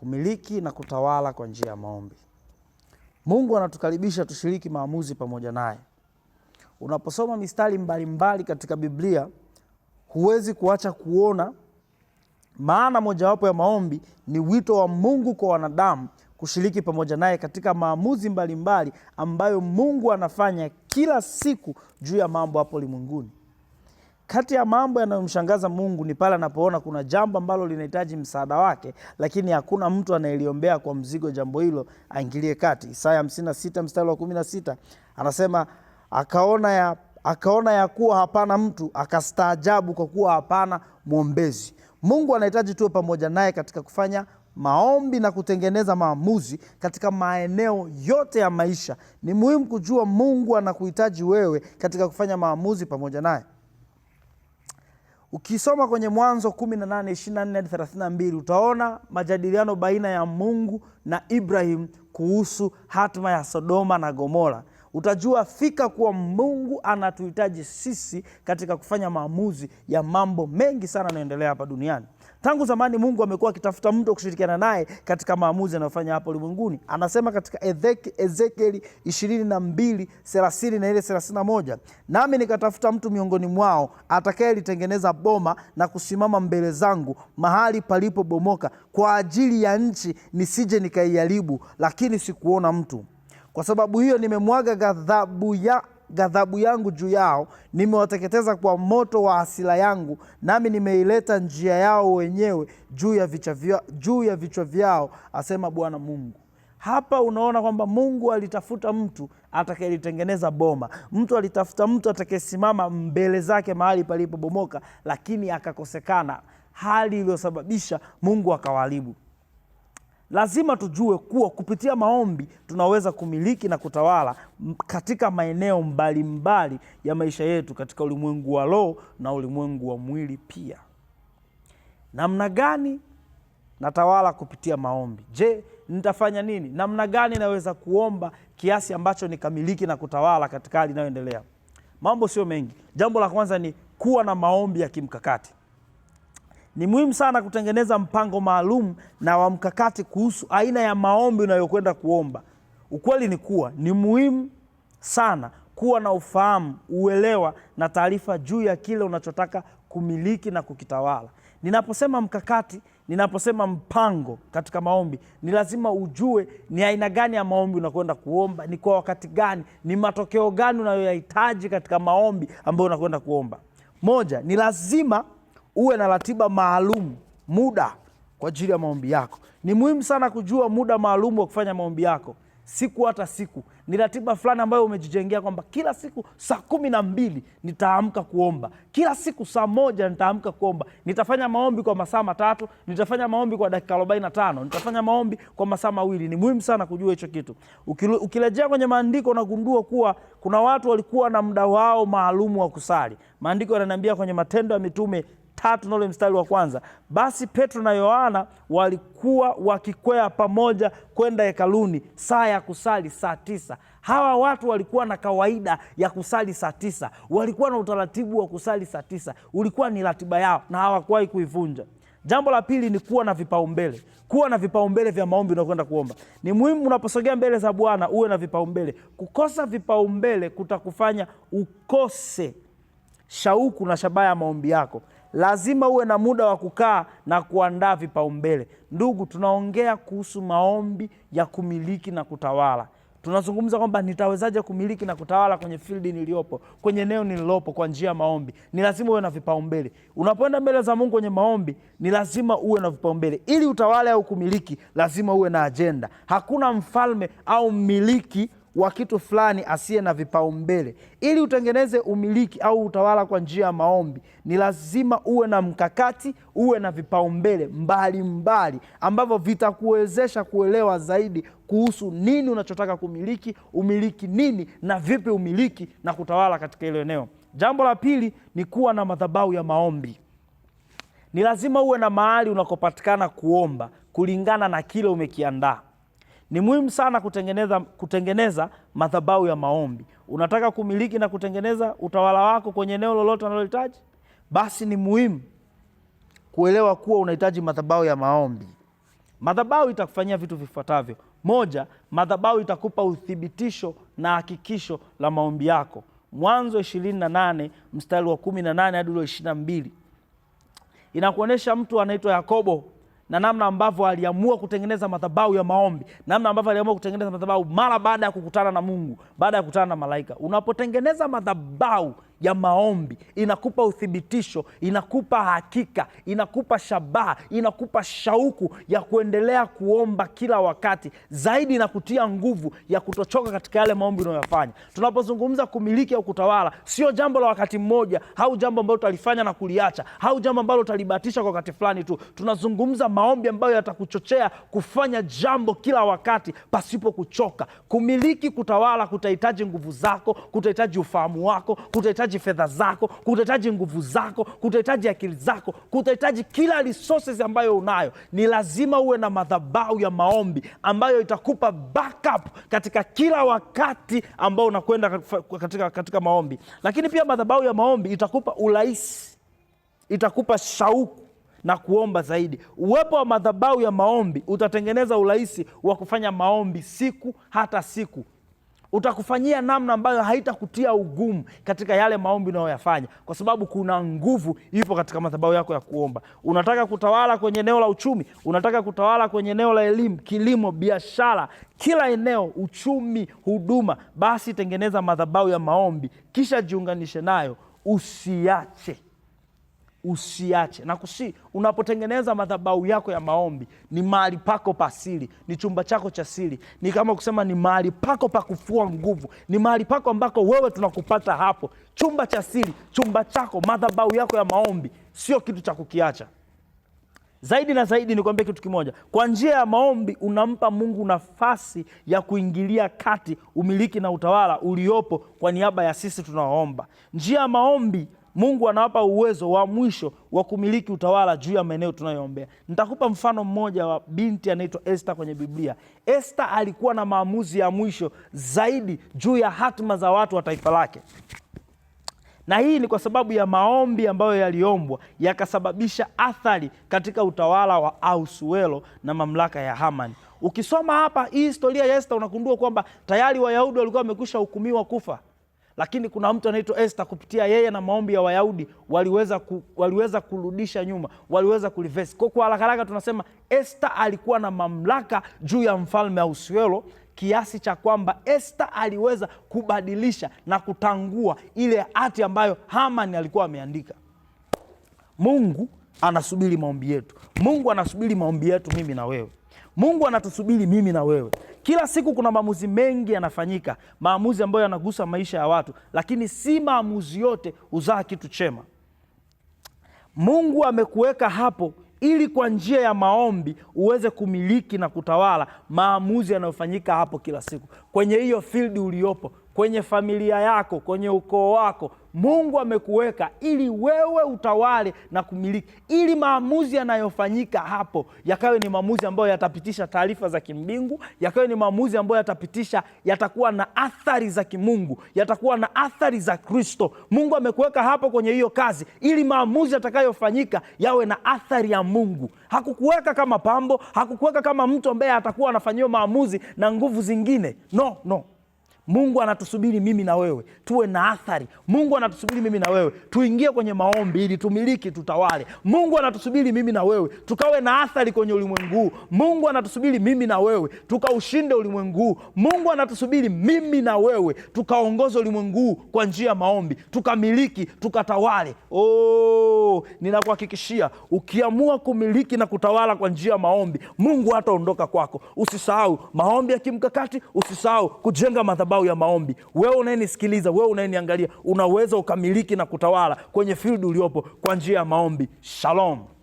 kumiliki na kutawala kwa njia ya maombi. Mungu anatukaribisha tushiriki maamuzi pamoja naye. Unaposoma mistari mbalimbali mbali katika Biblia, huwezi kuacha kuona maana mojawapo ya maombi ni wito wa Mungu kwa wanadamu kushiriki pamoja naye katika maamuzi mbalimbali mbali ambayo Mungu anafanya kila siku juu ya mambo hapo ulimwenguni. Kati ya mambo yanayomshangaza Mungu ni pale anapoona kuna jambo ambalo linahitaji msaada wake, lakini hakuna mtu anayeliombea kwa mzigo jambo hilo aingilie kati. Isaya 56 mstari wa 16 anasema akaona ya, akaona ya kuwa hapana mtu, akastaajabu kwa kuwa hapana mwombezi. Mungu anahitaji tuwe pamoja naye katika kufanya maombi na kutengeneza maamuzi katika maeneo yote ya maisha. Ni muhimu kujua Mungu anakuhitaji wewe katika kufanya maamuzi pamoja naye. Ukisoma kwenye Mwanzo 18 32 utaona majadiliano baina ya Mungu na Ibrahim kuhusu hatima ya Sodoma na Gomora utajua fika kuwa Mungu anatuhitaji sisi katika kufanya maamuzi ya mambo mengi sana yanayoendelea hapa duniani. Tangu zamani Mungu amekuwa akitafuta mtu wa kushirikiana naye katika maamuzi anayofanya hapa ulimwenguni. Anasema katika Ezekieli ishirini na mbili thelathini na ile thelathini na moja nami nikatafuta mtu miongoni mwao atakayelitengeneza boma na kusimama mbele zangu mahali palipobomoka kwa ajili ya nchi, nisije nikaiharibu, lakini sikuona mtu. Kwa sababu hiyo nimemwaga ghadhabu ya ghadhabu yangu juu yao, nimewateketeza kwa moto wa hasira yangu, nami nimeileta njia yao wenyewe juu ya vichwa vyao, juu ya vichwa vyao, asema Bwana Mungu. Hapa unaona kwamba Mungu alitafuta mtu atakayelitengeneza boma, mtu alitafuta mtu atakayesimama mbele zake mahali palipobomoka, lakini akakosekana, hali iliyosababisha Mungu akawaharibu lazima tujue kuwa kupitia maombi tunaweza kumiliki na kutawala katika maeneo mbalimbali mbali ya maisha yetu katika ulimwengu wa roho na ulimwengu wa mwili pia. Namna gani natawala kupitia maombi? Je, nitafanya nini? Namna gani naweza kuomba kiasi ambacho nikamiliki na kutawala katika hali inayoendelea? Mambo sio mengi. Jambo la kwanza ni kuwa na maombi ya kimkakati. Ni muhimu sana kutengeneza mpango maalum na wa mkakati kuhusu aina ya maombi unayokwenda kuomba. Ukweli ni kuwa ni muhimu sana kuwa na ufahamu, uelewa na taarifa juu ya kile unachotaka kumiliki na kukitawala. Ninaposema mkakati, ninaposema mpango katika maombi, ni lazima ujue ni aina gani ya maombi unakwenda kuomba, ni kwa wakati gani, ni matokeo gani unayoyahitaji katika maombi ambayo unakwenda kuomba. Moja, ni lazima uwe na ratiba maalum, muda kwa ajili ya maombi yako. Ni muhimu sana kujua muda maalum wa kufanya maombi yako, siku hata siku. Ni ratiba fulani ambayo umejijengea kwamba kila siku saa kumi na mbili nitaamka kuomba, kila siku saa moja nitaamka kuomba, nitafanya maombi kwa masaa matatu, nitafanya maombi kwa dakika arobaini na tano nitafanya maombi kwa masaa mawili. Ni muhimu sana kujua hicho kitu. Ukirejea kwenye maandiko unagundua kuwa kuna watu walikuwa na muda wao maalumu wa kusali. Maandiko yananiambia kwenye Matendo ya Mitume tatu na ule mstari wa kwanza, basi Petro na Yohana walikuwa wakikwea pamoja kwenda hekaluni saa ya kusali saa tisa. Hawa watu walikuwa na kawaida ya kusali saa tisa, walikuwa na utaratibu wa kusali saa tisa, ulikuwa ni ratiba yao na hawakuwahi kuivunja. Jambo la pili ni kuwa na vipaumbele, kuwa na vipaumbele vya maombi unakwenda kuomba. Ni muhimu unaposogea mbele za Bwana uwe na vipaumbele. Kukosa vipaumbele kutakufanya ukose shauku na shabaha ya maombi yako lazima uwe na muda wa kukaa na kuandaa vipaumbele. Ndugu, tunaongea kuhusu maombi ya kumiliki na kutawala. Tunazungumza kwamba nitawezaje kumiliki na kutawala kwenye fildi niliyopo, kwenye eneo nililopo, kwa njia ya maombi. Ni lazima uwe na vipaumbele. Unapoenda mbele za Mungu kwenye maombi, ni lazima uwe na vipaumbele. Ili utawale au kumiliki, lazima uwe na ajenda. Hakuna mfalme au mmiliki wa kitu fulani asiye na vipaumbele. Ili utengeneze umiliki au utawala kwa njia ya maombi, ni lazima uwe na mkakati, uwe na vipaumbele mbalimbali ambavyo vitakuwezesha kuelewa zaidi kuhusu nini unachotaka kumiliki, umiliki nini na vipi umiliki na kutawala katika hilo eneo. Jambo la pili ni kuwa na madhabahu ya maombi. Ni lazima uwe na mahali unakopatikana kuomba kulingana na kile umekiandaa. Ni muhimu sana kutengeneza, kutengeneza madhabahu ya maombi. Unataka kumiliki na kutengeneza utawala wako kwenye eneo lolote unalohitaji, basi ni muhimu kuelewa kuwa unahitaji madhabahu ya maombi. Madhabahu itakufanyia vitu vifuatavyo: moja, madhabahu itakupa uthibitisho na hakikisho la maombi yako. Mwanzo 28 mstari wa 18 hadi ule 22 inakuonyesha mtu anaitwa Yakobo na namna ambavyo aliamua kutengeneza madhabahu ya maombi, namna ambavyo aliamua kutengeneza madhabahu mara baada ya kukutana na Mungu, baada ya kukutana na malaika. Unapotengeneza madhabahu ya maombi inakupa uthibitisho, inakupa hakika, inakupa shabaha, inakupa shauku ya kuendelea kuomba kila wakati zaidi, na kutia nguvu ya kutochoka katika yale maombi unayoyafanya. Tunapozungumza kumiliki au kutawala, sio jambo la wakati mmoja au jambo ambalo utalifanya na kuliacha au jambo ambalo utalibatisha kwa wakati fulani tu. Tunazungumza maombi ambayo yatakuchochea kufanya jambo kila wakati pasipo kuchoka. Kumiliki, kutawala kutahitaji nguvu zako, kutahitaji ufahamu wako, kutahitaji kutahitaji fedha zako, kutahitaji nguvu zako, kutahitaji akili zako, kutahitaji kila resources ambayo unayo. Ni lazima uwe na madhabahu ya maombi ambayo itakupa backup katika kila wakati ambao unakwenda katika, katika maombi. Lakini pia madhabahu ya maombi itakupa urahisi, itakupa shauku na kuomba zaidi. Uwepo wa madhabahu ya maombi utatengeneza urahisi wa kufanya maombi siku hata siku utakufanyia namna ambayo haitakutia ugumu katika yale maombi unayoyafanya, kwa sababu kuna nguvu ipo katika madhabahu yako ya kuomba. Unataka kutawala kwenye eneo la uchumi, unataka kutawala kwenye eneo la elimu, kilimo, biashara, kila eneo, uchumi, huduma, basi tengeneza madhabahu ya maombi, kisha jiunganishe nayo, usiache usiache na kusi. Unapotengeneza madhabahu yako ya maombi, ni mahali pako pa siri, ni chumba chako cha siri, ni kama kusema, ni mahali pako pa kufua nguvu, ni mahali pako ambako wewe tunakupata hapo, chumba cha siri, chumba chako, madhabahu yako ya maombi, sio kitu cha kukiacha. Zaidi na zaidi, nikuambia kitu kimoja, kwa njia ya maombi unampa Mungu nafasi ya kuingilia kati umiliki na utawala uliopo kwa niaba ya sisi tunaoomba. Njia ya maombi Mungu anawapa uwezo wa mwisho wa kumiliki utawala juu ya maeneo tunayoombea. Nitakupa mfano mmoja wa binti anaitwa Esther kwenye Biblia. Esther alikuwa na maamuzi ya mwisho zaidi juu ya hatima za watu wa taifa lake, na hii ni kwa sababu ya maombi ambayo yaliombwa yakasababisha athari katika utawala wa Ahasuero na mamlaka ya Hamani. Ukisoma hapa hii historia ya esta unagundua kwamba tayari Wayahudi walikuwa wamekwisha hukumiwa kufa lakini kuna mtu anaitwa Esther, kupitia yeye na maombi ya Wayahudi waliweza, ku, waliweza kurudisha nyuma, waliweza kuliverse. Kwa haraka haraka tunasema Esther alikuwa na mamlaka juu ya mfalme Ahasuero kiasi cha kwamba Esther aliweza kubadilisha na kutangua ile hati ambayo Haman alikuwa ameandika. Mungu anasubiri maombi yetu. Mungu anasubiri maombi yetu mimi na wewe. Mungu anatusubiri mimi na wewe. Kila siku kuna maamuzi mengi yanafanyika, maamuzi ambayo yanagusa maisha ya watu, lakini si maamuzi yote huzaa kitu chema. Mungu amekuweka hapo ili kwa njia ya maombi uweze kumiliki na kutawala maamuzi yanayofanyika hapo kila siku, kwenye hiyo field uliopo, kwenye familia yako, kwenye ukoo wako, Mungu amekuweka ili wewe utawale na kumiliki, ili maamuzi yanayofanyika hapo yakawe ni maamuzi ambayo yatapitisha taarifa za kimbingu, yakawe ni maamuzi ambayo yatapitisha, yatakuwa na athari za kimungu, yatakuwa na athari za Kristo. Mungu amekuweka hapo kwenye hiyo kazi, ili maamuzi yatakayofanyika yawe na athari ya Mungu. Hakukuweka kama pambo, hakukuweka kama mtu ambaye atakuwa anafanyiwa maamuzi na nguvu zingine. No, no. Mungu anatusubiri mimi na wewe tuwe na athari. Mungu anatusubiri mimi na wewe tuingie kwenye maombi ili tumiliki, tutawale. Mungu anatusubiri mimi na wewe tukawe na athari kwenye ulimwengu huu. Mungu anatusubiri mimi na wewe tukaushinde ulimwengu huu. Mungu anatusubiri mimi na wewe tukaongoza ulimwengu huu kwa njia ya maombi, tukamiliki, tukatawale. Oh, ninakuhakikishia ukiamua kumiliki na kutawala kwa njia ya maombi, Mungu hataondoka kwako. Usisahau maombi ya kimkakati, usisahau kujenga madhabahu madhabahu ya maombi. Wewe unayenisikiliza, wewe unayeniangalia, unaweza ukamiliki na kutawala kwenye field uliopo kwa njia ya maombi. Shalom.